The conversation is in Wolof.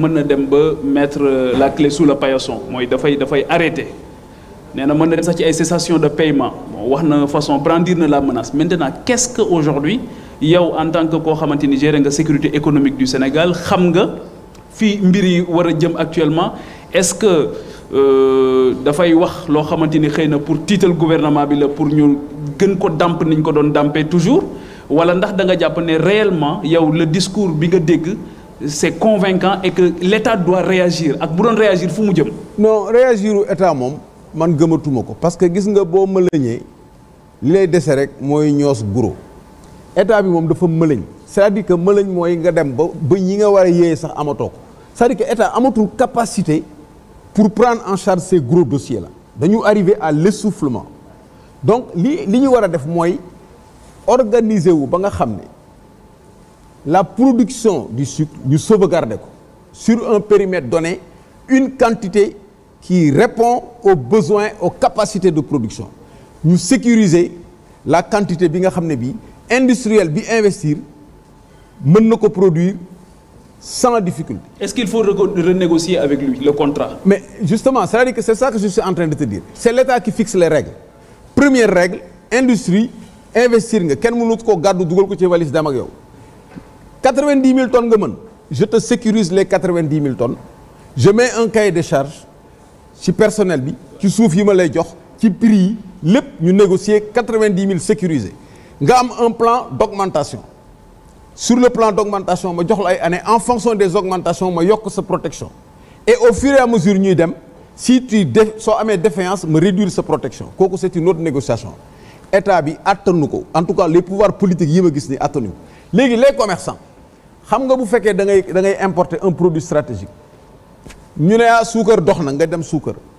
mën na dem ba mettre la clé sous le paillasson mooy dafay dafay arrêté nee na mën na dem sax ci ay cessation de paiement wax na façon brandir na la menace maintenant qu'est-ce que aujourd'hui yow en tant que koo xamante ni gérer nga sécurité économique du Sénégal xam nga fii mbir yi war a jëm actuellement est-ce que euh, dafay wax loo xamante ni xëy na pour tiital gouvernement bi la pour ñu gën ko dàmp niñ ko doon dàmpee toujours wala ndax da nga jàpp ne réellement yow le discours bi nga dégg c'est convaincant et que l'État doit réagir ak bu doon réagir fu mu jëm. non réagir état moom man gëmatuma ko parce que gis nga boo mëlëñee li lay dese rek mooy ñoos guro état bi moom dafa mëlëñ c'est-à-dire que mëlëñ mooy nga dem ba ba ñi nga war a yéeye sax amatoo ko cest dire que état amatul capacité pour prendre en charge ces gros dossiers la dañu arriver à l'essoufflement donc li li ñu war a def mooy organiser wu ba nga xam ni la production du sucre ñu sauvegarder ko sur un périmètre donné une quantité qui répond aux besoins au capacité de production ñu sécuriser la quantité bi nga xam ne bi industriel bi investir mën na ko produire sans difficulté. Est-ce qu'il faut renégocier avec lui le contrat? Mais justement, c'est-à-dire que c'est ça que je suis en train de te dire. C'est l'État qui fixe les règles. Première règle, industrie investir nga kenn mënut koo gàddu dugal ko ci valise dem ak yow. quatre-vingt-dix mille tonnes nga mën je te les quatre-vingt-dix mille tonnes je mets un cahier de charge si personnel bi ci suuf yi ma lay jox ci prix yi lépp ñu négocier quatre-vingt-dix mille sécurisé nga am un plan d'augmentation sur le plan d'augmentation ma jox la ay années en fonction des augmentations ma yokk sa protection et au fur à mesure ñuy dem si tu def soo amee défaillance ma réduire sa protection kooku c'est une autre négociation état bi attanu ko en tout cas les pouvoirs politiques yi ma gis ni attanu ko léegi les xam nga bu fekkee da ngay da ngay importer un produit stratégique ñu ne ah suukar dox na nga dem suukar